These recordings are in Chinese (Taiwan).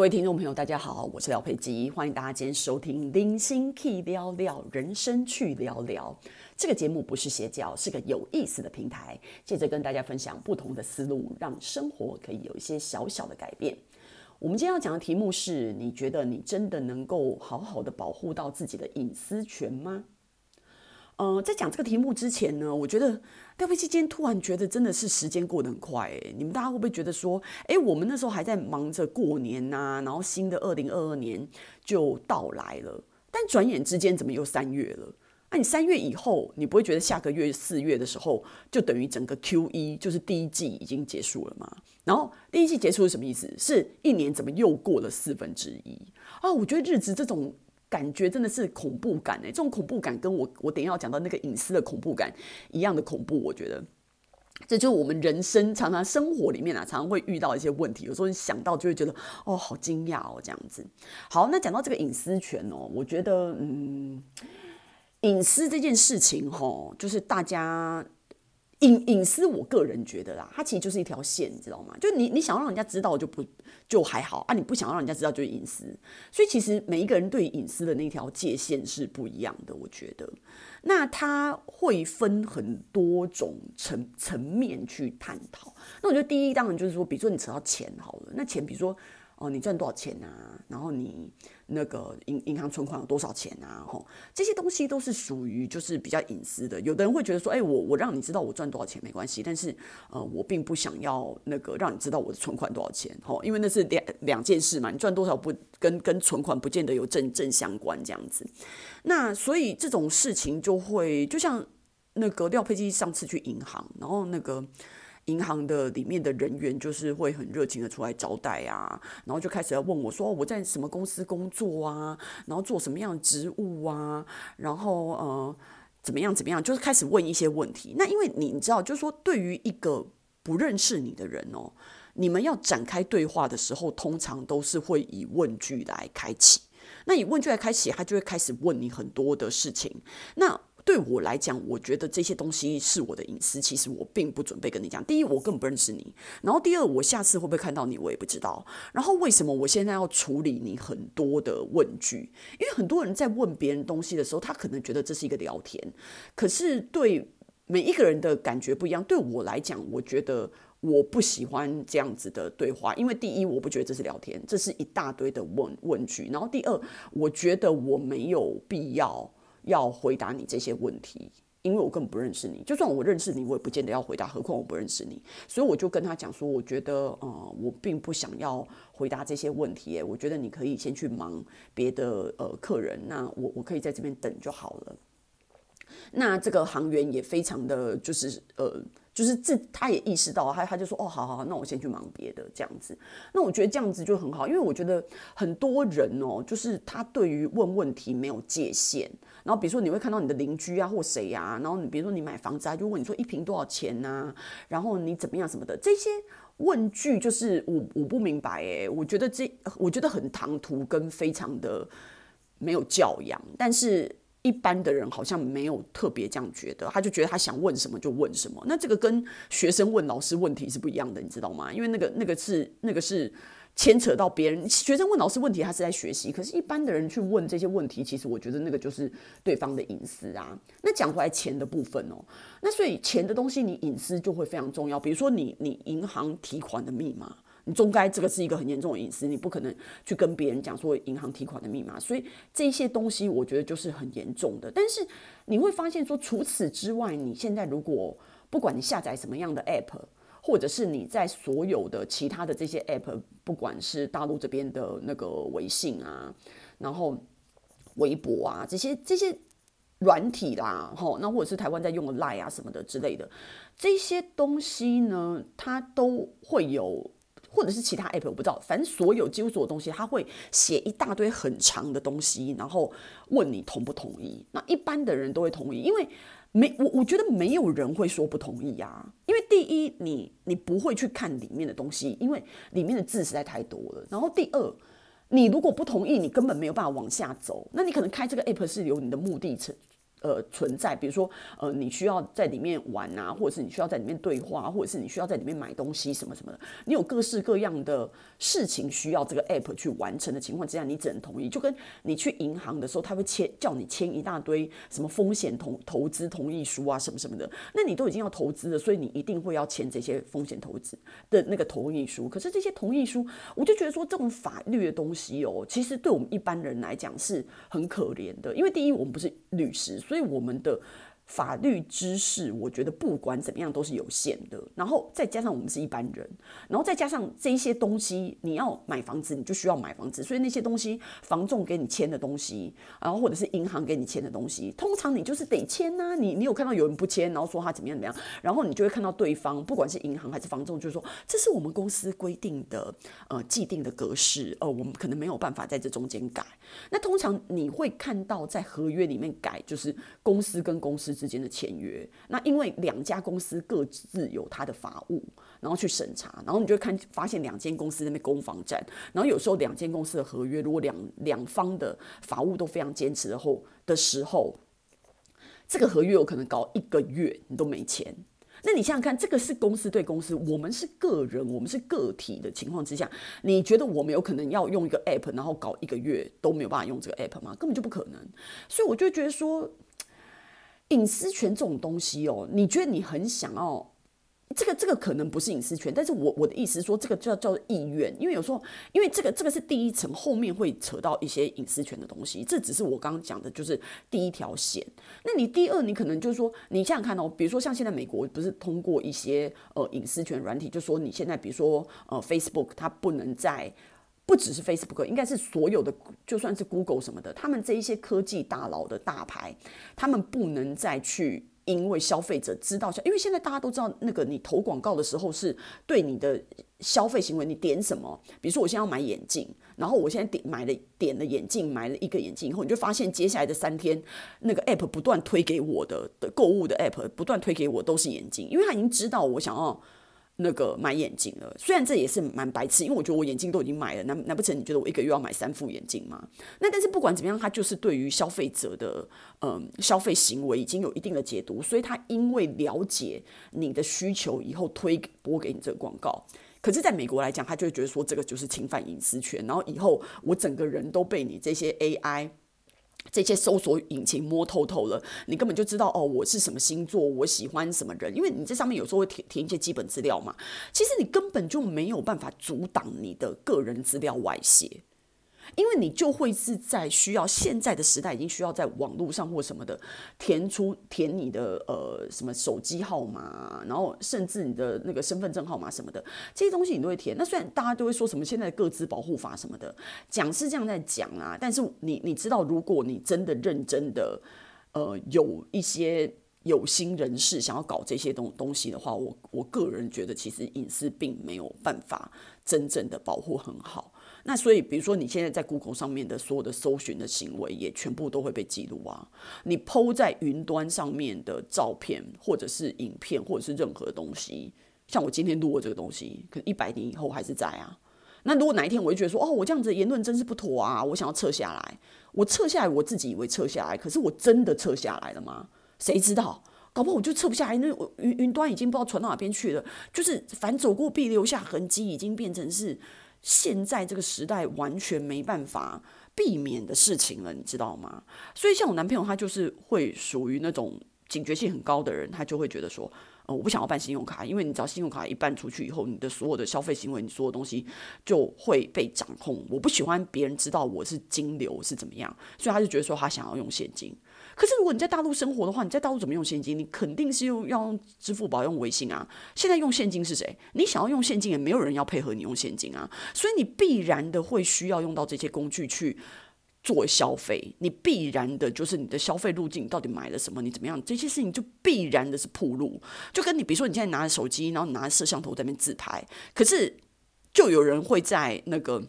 各位聽眾朋友，大家好，我是廖佩吉，歡迎大家今天收聽《零星 key 聊聊人生去聊聊》這個節目，不是邪教，是個有意思的平台，借着跟大家分享不同的思路，讓生活可以有一些小小的改變。我們今天要講的題目是：你覺得你真的能夠好好的保護到自己的隱私權嗎？嗯、呃，在講這個題目之前呢，我覺得在會期間突然覺得真的是時間過得很快誒、欸，你們大家會不會覺得說，誒、欸，我們那時候還在忙着過年吶、啊，然後新的二零二二年就到來了，但轉眼之間怎麼又三月了？那、啊、你三月以後，你不會覺得下個月四月的時候就等於整個 Q 一就是第一季已經結束了嗎？然後第一季結束是什麼意思？是一年怎麼又過了四分之一啊？我覺得日子這種。感覺真的是恐怖感呢、欸，這種恐怖感跟我我等一下要講到那個隱私的恐怖感一樣的恐怖，我覺得這就是我們人生常常生活裡面啊，常常會遇到一些問題，有時候你想到就會覺得哦，好驚訝哦，這樣子。好，那講到這個隱私權哦，我覺得嗯，隱私這件事情吼、哦，就是大家。隱隱私，我個人覺得啦，它其實就是一條線，你知道嗎？就你，你想要讓人家知道就不就還好啊，你不想要讓人家知道就是隱私。所以其實每一個人對隱私的那條界限是不一樣的，我覺得。那它會分很多種層層面去探討。那我覺得第一當然就是說，比如說你扯到錢好了，那錢比如說。哦，你賺多少錢啊？然後你那個銀銀行存款有多少錢啊？吼，這些東西都是屬於就是比較隱私的。有的人會覺得說，哎、欸，我我讓你知道我賺多少錢沒關係，但是呃，我並不想要那個讓你知道我的存款多少錢，吼，因為那是兩兩件事嘛。你賺多少不跟跟存款不見得有正正相關這樣子。那所以這種事情就會就像那個廖佩基上次去銀行，然後那個。銀行的裡面的人員就是會很熱情的出來招待啊，然後就開始要問我說我在什麼公司工作啊，然後做什麼樣的職務啊，然後呃怎麼樣怎麼樣，就是開始問一些問題。那因為你你知道，就是說，對於一個不認識你的人哦，你們要展開對話的時候，通常都是會以問句來開啟。那以問句來開啟，他就會開始問你很多的事情。那對我來講，我覺得這些東西是我的隱私。其實我並不準備跟你講。第一，我更不認識你；然後第二，我下次會不會看到你，我也不知道。然後為什麼我現在要處理你很多的問句？因為很多人在問別人東西的時候，他可能覺得這是一個聊天，可是對每一個人的感覺不一樣。對我來講，我覺得我不喜歡這樣子的對話，因為第一，我不覺得這是聊天，這是一大堆的問問句；然後第二，我覺得我沒有必要。要回答你這些問題，因為我根本不認識你。就算我認識你，我也不見得要回答。何況我不認識你，所以我就跟他講說，我覺得呃，我並不想要回答這些問題。欸，我覺得你可以先去忙別的呃客人，那我我可以在這邊等就好了。那這個行員也非常的就是呃，就是自，他也意識到，他他就說哦，好好好，那我先去忙別的這樣子。那我覺得這樣子就很好，因為我覺得很多人哦、喔，就是他對於問問題沒有界限。然後比如說你會看到你的鄰居啊，或誰呀，然後你比如說你買房子啊，就問你說一平多少錢啊，然後你怎麼樣什麼的這些問句，就是我我不明白哎、欸，我覺得這我覺得很唐突跟非常的沒有教養，但是。一般的人好像沒有特別這樣覺得，他就覺得他想問什麼就問什麼。那這個跟學生問老師問題是不一樣的，你知道嗎？因為那個、那個是、那個是牽扯到別人。學生問老師問題，他是在學習；可是，一般的人去問這些問題，其實我覺得那個就是對方的隱私啊。那講回來錢的部分哦，那所以錢的東西，你隱私就會非常重要。比如說你、你銀行提款的密碼。中概這個是一個很嚴重的隱私，你不可能去跟別人講說銀行提款的密碼，所以這些東西我覺得就是很嚴重的。但是你會發現說，除此之外，你現在如果不管你下載什麼樣的 App，或者是你在所有的其他的這些 App，不管是大陸這邊的那個微信啊，然後微博啊這些這些軟體啦，吼，那或者是台灣在用的 Line 啊什麼的之類的這些東西呢，它都會有。或者是其他 app，我不知道，反正所有幾乎所有的東西，他會寫一大堆很長的東西，然後問你同不同意。那一般的人都會同意，因為沒我我覺得沒有人會說不同意呀、啊。因為第一，你你不會去看裡面的東西，因為裡面的字實在太多了。然後第二，你如果不同意，你根本沒有辦法往下走。那你可能開這個 app 是有你的目的呃，存在，比如說，呃，你需要在裡面玩啊，或者是你需要在裡面對話，或者是你需要在裡面買東西什麼什麼的，你有各式各樣的事情需要這個 app 去完成的情況之下，你只能同意。就跟你去銀行的時候，他會簽叫你簽一大堆什麼風險同投資同意書啊，什麼什麼的，那你都已經要投資了，所以你一定會要簽這些風險投資的那個同意書。可是這些同意書，我就覺得說這種法律的東西哦，其實對我們一般人來講是很可憐的，因為第一，我們不是。律師，所以我們的。法律知識，我覺得不管怎麼樣都是有限的。然後再加上我們是一般人，然後再加上這些東西，你要買房子你就需要買房子，所以那些東西，房仲給你簽的東西，然後或者是銀行給你簽的東西，通常你就是得簽吶。你你有看到有人不簽，然後說他怎麼樣怎麼樣，然後你就會看到對方，不管是銀行還是房仲，就是說，這是我們公司規定的呃既定的格式，呃我們可能沒有辦法在這中間改。那通常你會看到在合約裡面改，就是公司跟公司，之間的簽約，那因為兩家公司各自有他的法務，然後去審查，然後你就會看發現兩間公司那邊攻防戰，然後有時候兩間公司的合約，如果兩兩方的法務都非常堅持後的時候，這個合約有可能搞一個月你都沒簽。那你想想看，這個是公司對公司，我們是個人，我們是個體的情況之下，你覺得我們有可能要用一個 app，然後搞一個月都沒有辦法用這個 app 嗎？根本就不可能。所以我就覺得說。隱私權這種東西哦，你覺得你很想要？這個這個可能不是隱私權，但是我我的意思說，這個叫叫意願，因為有時候，因為這個這個是第一層，後面會扯到一些隱私權的東西。這只是我剛剛講的，就是第一條線。那你第二，你可能就是說，你想想看哦，比如說像現在美國不是通過一些呃隱私權軟體，就說你現在比如說呃 Facebook 它不能再。不只是 Facebook，應該是所有的，就算是 Google 什麼的，他們這一些科技大佬的大牌，他們不能再去，因為消費者知道，因為現在大家都知道那個你投廣告的時候是對你的消費行為，你點什麼，比如說我現在要買眼鏡，然後我現在點買了點了眼鏡，買了一個眼鏡以後，你就發現接下來的三天那個 App 不斷推給我的的購物的 App 不斷推給我都是眼鏡，因為他已經知道我想要。那個買眼鏡了，雖然這也是蠻白痴，因為我覺得我眼鏡都已經買了，難難不成你覺得我一個月要買三副眼鏡嗎？那但是不管怎麼樣，他就是對於消費者的嗯消費行為已經有一定的解讀，所以他因為了解你的需求以後推播給你這個廣告。可是，在美國來講，他就會覺得說，這個就是侵犯隱私權，然後以後我整個人都被你這些 AI。這些搜索引擎摸透透了，你根本就知道哦，我是什麼星座，我喜歡什麼人，因為你這上面有時候會填填一些基本資料嘛。其實你根本就沒有辦法阻擋你的個人資料外泄。因為你就會是在需要現在的時代已經需要在網絡上或什麼的填出填你的呃什麼手機號碼、啊，然後甚至你的那個身份證號碼什麼的這些東西你都會填。那雖然大家都會說什麼現在個資保護法什麼的講是這樣在講啦，但是你你知道，如果你真的認真的呃有一些有心人士想要搞這些東東西的話，我我個人覺得其實隱私並沒有辦法真正的保護很好。那所以，比如說你現在在 Google 上面的所有的搜尋的行為，也全部都會被記錄啊。你 PO 在雲端上面的照片，或者是影片，或者是任何東西，像我今天錄過這個東西，可能一百年以後還是在啊。那如果哪一天，我就覺得說，哦，我這樣子言論真是不妥啊，我想要撤下來。我撤下來，我自己以為撤下來，可是我真的撤下來了嗎？誰知道？搞不好我就撤不下來，那我雲雲端已經不知道傳到哪邊去了。就是凡走過必留下痕跡，已經變成是。現在這個時代完全沒辦法避免的事情了，你知道嗎？所以像我男朋友，他就是會屬於那種警覺性很高的人，他就會覺得說，哦，我不想要辦信用卡，因為你只要信用卡一辦出去以後，你的所有的消費行為，你所有的東西就會被掌控。我不喜歡別人知道我是金流是怎麼樣，所以他就覺得說，他想要用現金。可是如果你在大陸生活的話，你在大陸怎麼用現金？你肯定是要用支付寶、用微信啊。現在用現金是誰？你想要用現金也沒有人要配合你用現金啊。所以你必然的會需要用到這些工具去做消費。你必然的就是你的消費路徑，你到底買了什麼？你怎麼樣？這些事情就必然的是暴露。就跟你比如說，你現在拿着手機，然後你拿着攝像頭在那邊自拍。可是就有人會在那個。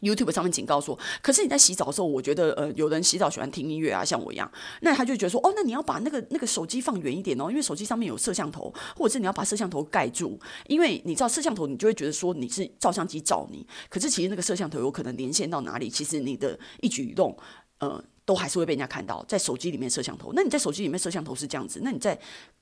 YouTube 上面警告說，可是你在洗澡的時候，我覺得呃，有人洗澡喜歡聽音樂啊，像我一樣，那他就覺得說，哦，那你要把那個那個手機放遠一點哦，因為手機上面有攝像頭，或者是你要把攝像頭蓋住，因為你知道攝像頭，你就會覺得說你是照相機照你，可是其實那個攝像頭有可能連線到哪裡，其實你的一舉一動，呃。都還是會被人家看到，在手機裡面攝像頭。那你在手機裡面攝像頭是這樣子，那你在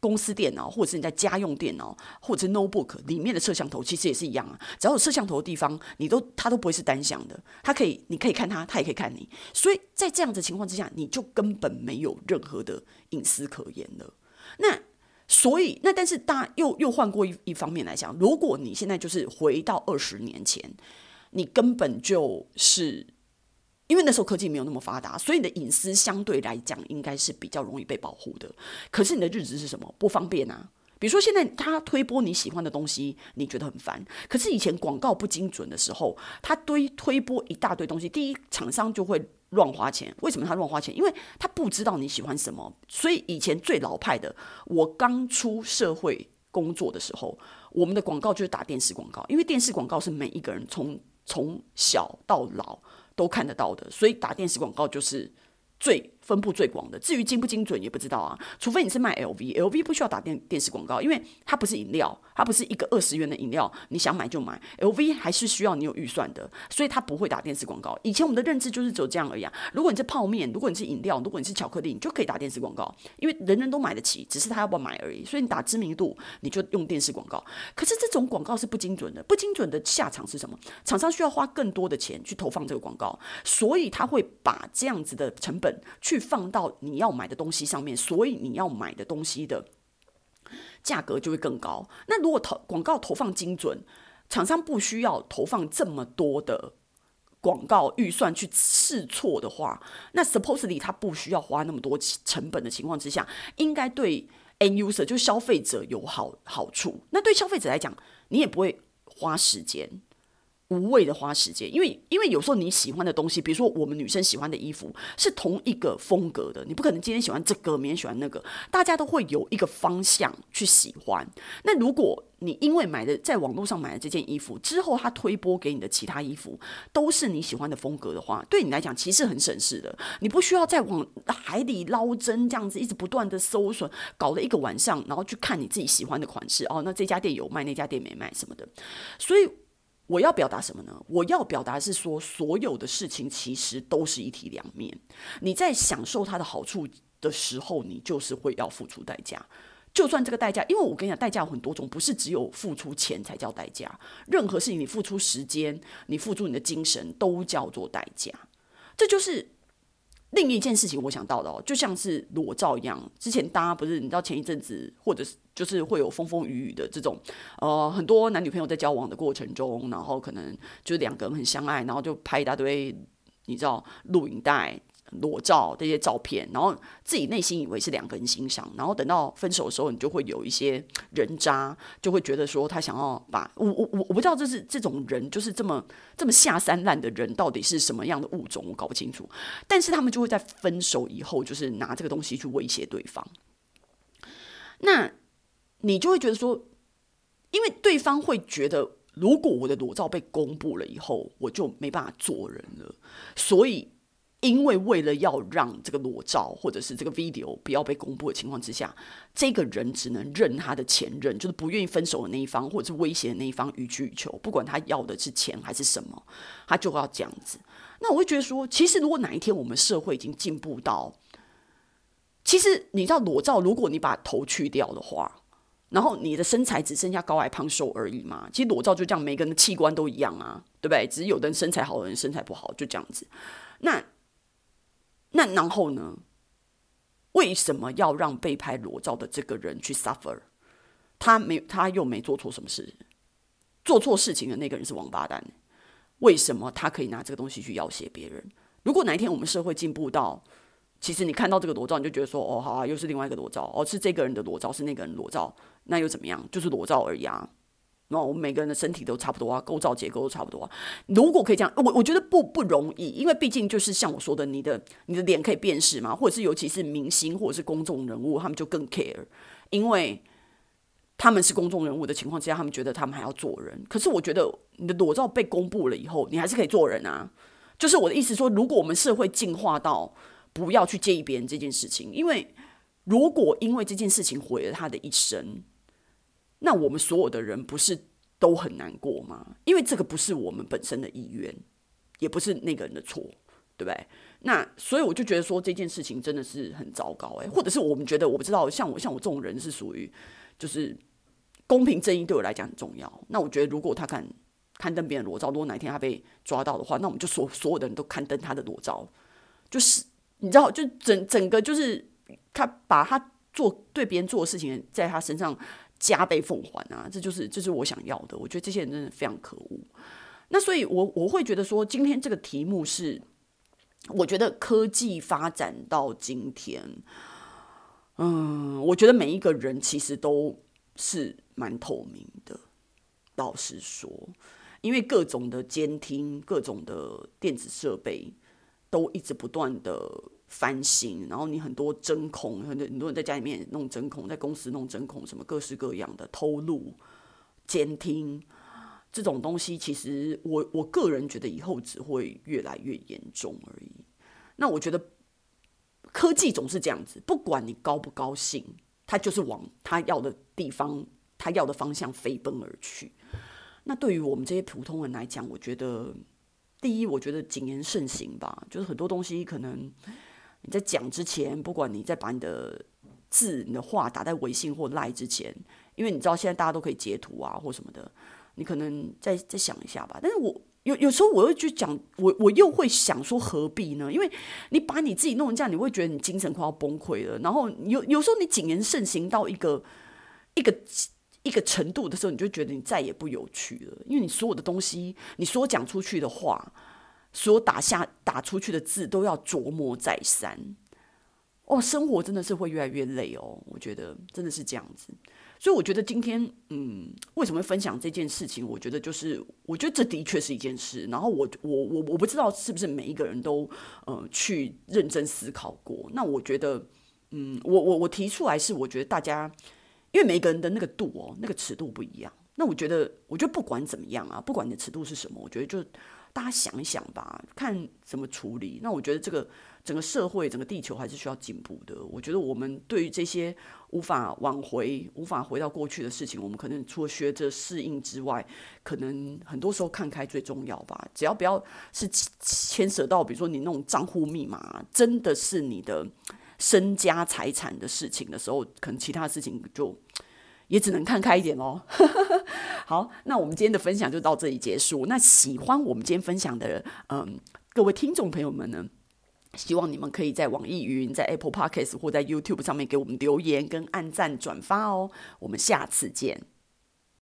公司電腦，或者是你在家用電腦，或者是 notebook 裡面的攝像頭，其實也是一樣啊。只要有攝像頭的地方，你都它都不會是單向的，它可以你可以看它，它也可以看你。所以在這樣的情況之下，你就根本沒有任何的隱私可言了。那所以那但是大家又又換過一一方面來講，如果你現在就是回到二十年前，你根本就是。因為那時候科技沒有那麼發達，所以你的隱私相對來講應該是比較容易被保護的。可是你的日子是什麼？不方便啊！比如說現在他推播你喜歡的東西，你覺得很煩。可是以前廣告不精準的時候，他堆推,推播一大堆東西。第一，廠商就會亂花錢。為什麼他亂花錢？因為他不知道你喜歡什麼。所以以前最老派的，我剛出社會工作的時候，我們的廣告就是打電視廣告，因為電視廣告是每一個人從從小到老。都看得到的，所以打電視廣告就是最分佈最廣的，至於精不精準也不知道啊。除非你是賣 LV，LV 不需要打電電視廣告，因為它不是飲料，它不是一個二十元的飲料，你想買就買。LV 還是需要你有預算的，所以它不會打電視廣告。以前我們的認知就是只有這樣而已啊。如果你是泡麵，如果你是飲料，如果你是巧克力，你就可以打電視廣告，因為人人都買得起，只是他要不要買而已。所以你打知名度，你就用電視廣告。可是這種廣告是不精準的，不精準的下場是什麼？廠商需要花更多的錢去投放這個廣告，所以他會把這樣子的成本去。去放到你要買的東西上面，所以你要買的東西的價格就會更高。那如果投廣告投放精準，廠商不需要投放這麼多的廣告預算去試錯的話，那 supposedly 他不需要花那麼多成本的情況之下，應該對 end user 就是消費者有好好處。那對消費者來講，你也不會花時間。無謂的花時間，因為因為有時候你喜歡的東西，比如說我們女生喜歡的衣服是同一個風格的，你不可能今天喜歡這個，明天喜歡那個，大家都會有一個方向去喜歡。那如果你因為買的在網絡上買的這件衣服之後，他推播給你的其他衣服都是你喜歡的風格的話，對你來講其實很省事的，你不需要再往海裡撈針這樣子一直不斷的搜索，搞了一個晚上，然後去看你自己喜歡的款式哦，那這家店有賣，那家店沒賣什麼的，所以。我要表達什麼呢？我要表達是說，所有的事情其實都是一體兩面。你在享受它的好處的時候，你就是會要付出代價。就算這個代價，因為我跟你講，代價有很多種，不是只有付出錢才叫代價。任何事情，你付出時間，你付出你的精神，都叫做代價。這就是。另一件事情我想到的哦，就像是裸照一樣，之前大家不是你知道前一陣子或者是就是會有風風雨雨的這種，呃，很多男女朋友在交往的過程中，然後可能就是兩個人很相愛，然後就拍一大堆，你知道錄影帶。裸照這些照片，然後自己內心以為是兩個人欣賞，然後等到分手的時候，你就會有一些人渣，就會覺得說他想要把我我我不知道這是這種人就是這麼這麼下三濫的人到底是什麼樣的物種，我搞不清楚。但是他們就會在分手以後，就是拿這個東西去威脅對方。那你就會覺得說，因為對方會覺得，如果我的裸照被公布了以後，我就沒辦法做人了，所以。因為為了要讓這個裸照或者是這個 video 不要被公布的情況之下，這個人只能任他的前任，就是不願意分手的那一方，或者是威脅的那一方，予取予求，不管他要的是錢還是什麼，他就要這樣子。那我會覺得說，其實如果哪一天我們社會已經進步到，其實你知道裸照，如果你把頭去掉的話，然後你的身材只剩下高矮胖瘦而已嘛。其實裸照就這樣，每個人的器官都一樣啊，對不對？只是有的人身材好，有人身材不好，就這樣子。那那然後呢？為什麼要讓被拍裸照的這個人去 suffer？他沒，他又沒做錯什麼事，做錯事情的那個人是王八蛋。為什麼他可以拿這個東西去要挾別人？如果哪一天我們社會進步到，其實你看到這個裸照，你就覺得說，哦，好啊，又是另外一個裸照，哦，是這個人的裸照，是那個人的裸照，那又怎麼樣？就是裸照而已啊。那我們每個人的身體都差不多啊，構造結構都差不多啊。如果可以這樣，我我覺得不不容易，因為畢竟就是像我說的，你的你的臉可以辨識嘛，或者是尤其是明星或者是公眾人物，他們就更 care，因為他們是公眾人物的情況之下，他們覺得他們還要做人。可是我覺得你的裸照被公布了以後，你還是可以做人啊。就是我的意思說，如果我們社會進化到不要去介意別人這件事情，因為如果因為這件事情毀了他的一生。那我們所有的人不是都很難過嗎？因為這個不是我們本身的意願，也不是那個人的錯，對不對？那所以我就覺得說這件事情真的是很糟糕。欸，哎，或者是我們覺得我不知道，像我像我這種人是屬於就是公平正義對我來講很重要。那我覺得如果他敢刊登別人裸照，如果哪天他被抓到的話，那我們就所所有的人都刊登他的裸照，就是你知道，就整整個就是他把他做對別人做的事情在他身上。加倍奉還啊！這就是這是我想要的。我覺得這些人真的非常可惡。那所以我，我我會覺得說，今天這個題目是，我覺得科技發展到今天，嗯，我覺得每一個人其實都是蠻透明的。老實說，因為各種的監聽、各種的電子設備都一直不斷的，翻新，然後你很多針孔，很多很多人在家裡面弄針孔，在公司弄針孔，什麼各式各樣的偷錄、監聽這種東西，其實我我個人覺得以後只會越來越嚴重而已。那我覺得科技總是這樣子，不管你高不高興，它就是往它要的地方、它要的方向飛奔而去。那對於我們這些普通人來講，我覺得第一，我覺得謹言慎行吧，就是很多東西可能。你在講之前，不管你在把你的字、你的話打在微信或賴之前，因為你知道現在大家都可以截圖啊或什麼的，你可能再再想一下吧。但是我有有時候我又去講，我我又會想說何必呢？因為你把你自己弄成這樣，你會覺得你精神快要崩潰了。然後有有時候你謹言慎行到一個一個一個程度的時候，你就覺得你再也不有趣了，因為你所有的東西，你所講出去的話。所打下、打出去的字都要琢磨再三，哦，生活真的是會越來越累哦。我覺得真的是這樣子，所以我覺得今天，嗯，為什麼分享這件事情？我覺得就是，我覺得這的確是一件事。然後我、我、我、我不知道是不是每一個人都，嗯、呃、去認真思考過。那我覺得，嗯，我、我、我提出來是，我覺得大家，因為每個人的那個度哦，那個尺度不一樣。那我覺得，我覺得不管怎麼樣啊，不管你的尺度是什麼，我覺得就。大家想一想吧，看怎麼處理。那我覺得這個整個社會、整個地球還是需要進步的。我覺得我們對於這些無法挽回、無法回到過去的事情，我們可能除了學着適應之外，可能很多時候看開最重要吧。只要不要是牽扯到，比如說你那種賬戶密碼，真的是你的身家財產的事情的時候，可能其他事情就。也只能看開一點哦。 好，那我們今天的分享就到這裡結束。那喜歡我們今天分享的，嗯，各位聽眾朋友們呢，希望你們可以在網易雲、在 Apple Podcast 或在 YouTube 上面給我們留言、跟按讚、轉發哦。我們下次見。